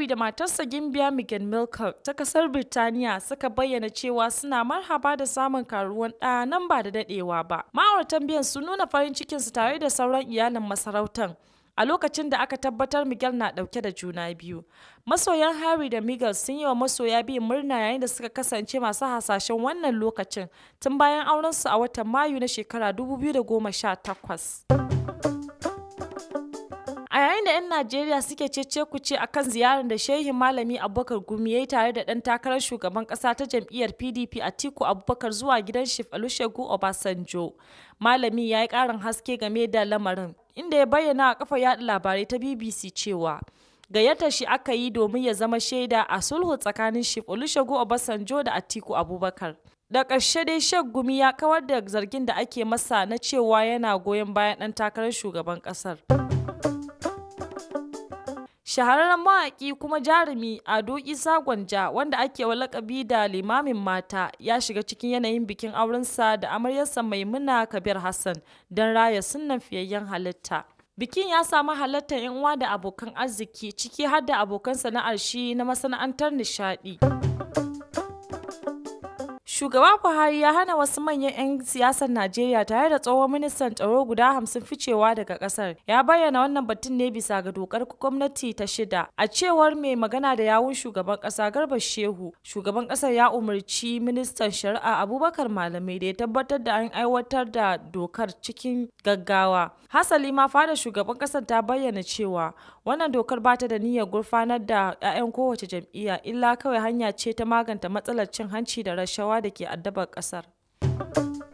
Kirby da matarsa Gimbiya Megan Milker ta kasar Birtaniya suka bayyana cewa suna marhaba da samun karuwan ɗa nan ba da daɗewa ba. Ma'auratan biyan sun nuna farin cikinsu tare da sauran iyalin masarautar. a lokacin da aka tabbatar Miguel na ɗauke da juna biyu. Masoyan Harry da Miguel sun yi wa masoya biyu murna yayin da suka kasance masu hasashen wannan lokacin tun bayan aurensu a watan Mayu na shekara 2018. Najeriya suke cece kuce akan ziyarar da shehin malami Abubakar Gumi yayi tare da ɗan takarar shugaban kasa ta jam'iyyar PDP a Atiku Abubakar zuwa gidan Chief Olusegun Obasanjo. Malami ya yi ƙarin haske game da lamarin inda ya bayyana a kafa yaɗa labarai ta BBC cewa gayyatar shi aka yi domin ya zama shaida a sulhu tsakanin Chief Olusegun Obasanjo da Atiku Abubakar. da ƙarshe dai shek gumi ya kawar da zargin da ake masa na cewa yana goyon bayan ɗan takarar shugaban ƙasar. shahararren mawaƙi kuma jarumi ado isa gwanja wanda ake wa lakabi da limamin mata ya shiga cikin yanayin bikin aurensa da amaryarsa maimuna kabir hassan don raya sunan fiyayyen halitta bikin ya samu halartar 'yan uwa da abokan arziki ciki har da abokan sana'ar shi na masana'antar nishadi. shugaban Buhari ya hana wasu manyan 'yan siyasar Najeriya tare da tsohon ministan tsaro guda hamsin ficewa daga kasar. Ya bayyana wannan batun ne bisa ga dokar gwamnati ta shida. A cewar mai magana da yawun shugaban kasa Garba Shehu, shugaban kasar ya umarci ministan shari'a Abubakar Malamai da ya tabbatar da an aiwatar da dokar cikin gaggawa. Hasali ma fada shugaban kasar ta bayyana cewa wannan dokar ba ta da niyyar gurfanar da 'ya'yan kowace jam'iyya illa kawai hanya ce ta maganta matsalar cin hanci da rashawa da da ke addabar ƙasar.